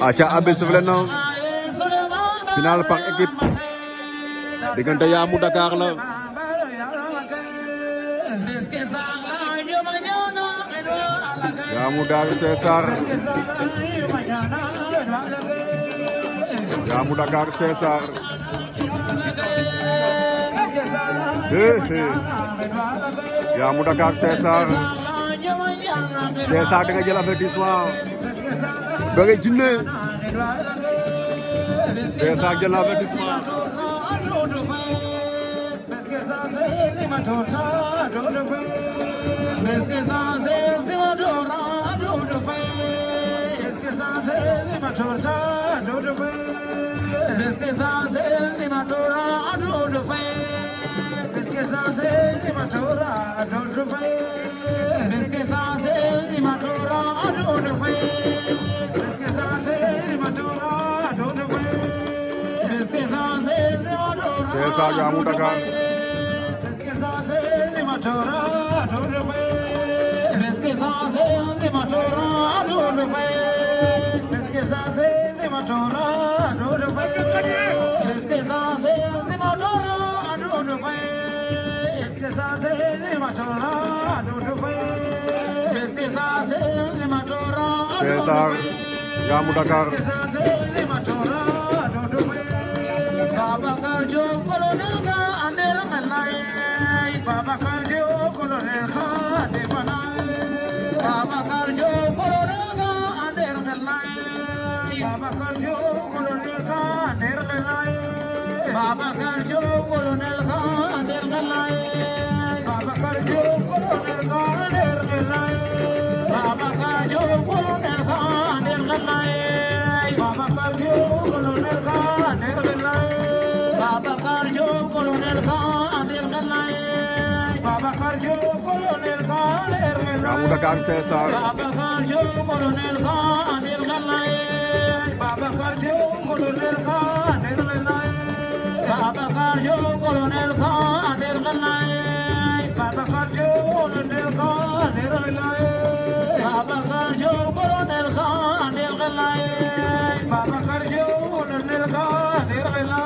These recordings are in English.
aca abe final pak final dengan daya muda karena daya muda sesar daya muda kar sesar daya muda sesar sesar sesar dengan jalan berdiswal Bari Jinné c'est ça jël avertissement Parce que ça c'est ma tora, yasa ga mu Cesar, Dakar. अंदर मलाई न बाबा कर जो Babacar Diop colonel Kader Galaye Ramou Dakar César Babacar Diop colonel Kader Galaye Babacar Diop colonel Kader Galaye Babacar Diop colonel Kader Galaye Babacar Diop colonel Kader Galaye Babacar Diop colonel Kader Galaye Babacar Diop colonel Kader Galaye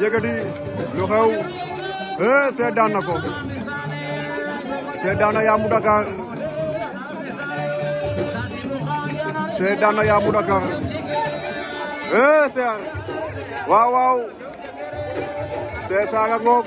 yëkkati lu xew eh Cheikh daan na ko Cheikh na Yamou Dakar Cheikh na Yamou Dakar eh Cheikh waaw waaw Cheikh saaga ngoog